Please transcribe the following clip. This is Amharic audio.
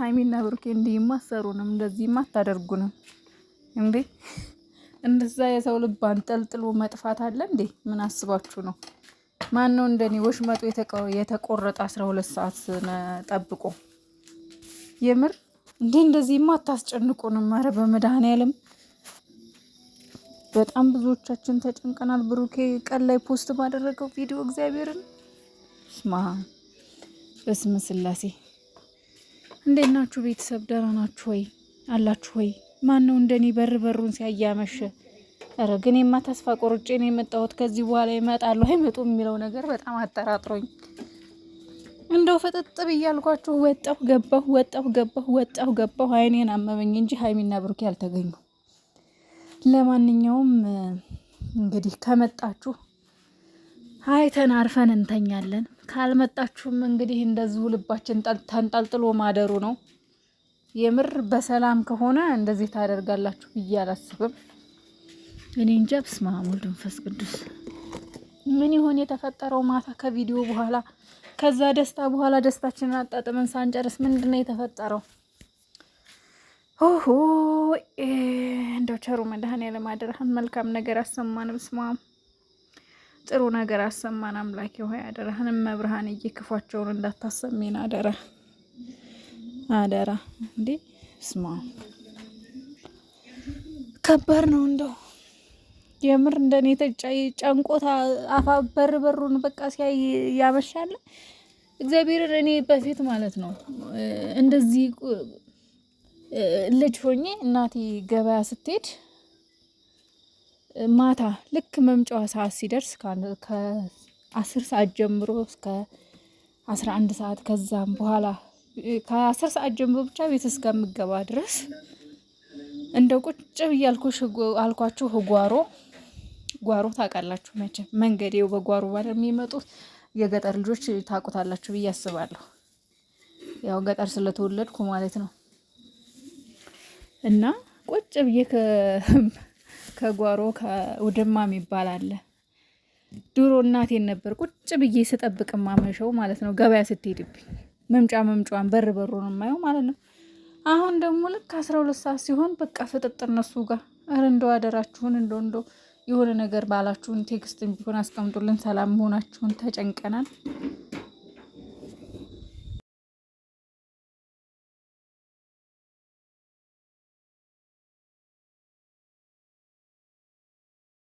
ሀይሚና ብሩኬ እንዲህማ አሰሩንም እንደዚህማ አታደርጉንም እንዴ! እንደዛ የሰው ልብ አንጠልጥሎ መጥፋት አለ እንዴ? ምን አስባችሁ ነው? ማን ነው እንደኔ ወሽመጡ የተቆረጠ አስራ ሁለት ሰዓት ጠብቆ የምር እንዴ! እንደዚህማ አታስጨንቁንም። ኧረ በመድኃኔዓለም በጣም ብዙዎቻችን ተጨንቀናል። ብሩኬ ቀን ላይ ፖስት ባደረገው ቪዲዮ እግዚአብሔርን ስማ በስመ ስላሴ እንዴት ናችሁ ቤተሰብ? ደህና ናችሁ ወይ? አላችሁ ወይ? ማን ነው እንደኔ በር በሩን ሲያያመሸ? ኧረ ግን የማ ተስፋ ቆርጬ ነው የመጣሁት። ከዚህ በኋላ ይመጣሉ አይመጡም የሚለው ነገር በጣም አጠራጥሮኝ እንደው ፍጥጥ ብያልኳችሁ ወጣሁ ገባሁ ወጣሁ ገባሁ ወጣሁ ገባሁ አይኔን አመመኝ እንጂ ሀይሚና ብሩኬ አልተገኙ። ለማንኛውም እንግዲህ ከመጣችሁ አይተን አርፈን እንተኛለን። ካልመጣችሁም እንግዲህ እንደዚሁ ልባችን ተንጠልጥሎ ማደሩ ነው። የምር በሰላም ከሆነ እንደዚህ ታደርጋላችሁ ብዬ አላስብም። እኔ እንጃ። በስመ አብ ወወልድ ወመንፈስ ቅዱስ። ምን ይሆን የተፈጠረው ማታ ከቪዲዮ በኋላ ከዛ ደስታ በኋላ ደስታችንን አጣጥመን ሳንጨርስ ምንድን ነው የተፈጠረው? ሆሆ እንደው ቸሩ መድኃኔዓለም አደራህን መልካም ነገር አሰማን። በስመ አብ ጥሩ ነገር አሰማን። አምላክ ሆይ አደራህንም መብርሃን እየ ክፏቸውን እንዳታሰሜን አደራ አደራ። እንዴ ስማ ከባድ ነው እንደው የምር እንደኔ ጨንቆታ አፋ በር በሩን በቃ ሲያይ ያመሻል። እግዚአብሔርን እኔ በፊት ማለት ነው እንደዚህ ልጅ ሆኜ እናቴ ገበያ ስትሄድ ማታ ልክ መምጫዋ ሰዓት ሲደርስ ከአስር ሰዓት ጀምሮ እስከ አስራ አንድ ሰዓት ከዛም በኋላ ከአስር ሰዓት ጀምሮ ብቻ ቤት እስከምገባ ድረስ እንደ ቁጭ ብያልኩሽ አልኳችሁ ጓሮ ጓሮ ታውቃላችሁ መቼም መንገዴው በጓሮ ባለ የሚመጡት የገጠር ልጆች ታውቁታላችሁ ብዬ አስባለሁ። ያው ገጠር ስለተወለድኩ ማለት ነው እና ቁጭ ብዬ ከጓሮ ከውድማ የሚባል አለ። ድሮ እናቴን ነበር ቁጭ ብዬ ስጠብቅ ማመሸው ማለት ነው። ገበያ ስትሄድብኝ መምጫ መምጫዋን በር ነው የማየው ማለት ነው። አሁን ደግሞ ልክ አስራ ሁለት ሰዓት ሲሆን በቃ ፍጥጥ እነሱ ጋር ኧረ እንደው አደራችሁን እንደው እንደው የሆነ ነገር ባላችሁን ቴክስት ቢሆን አስቀምጡልን፣ ሰላም መሆናችሁን ተጨንቀናል።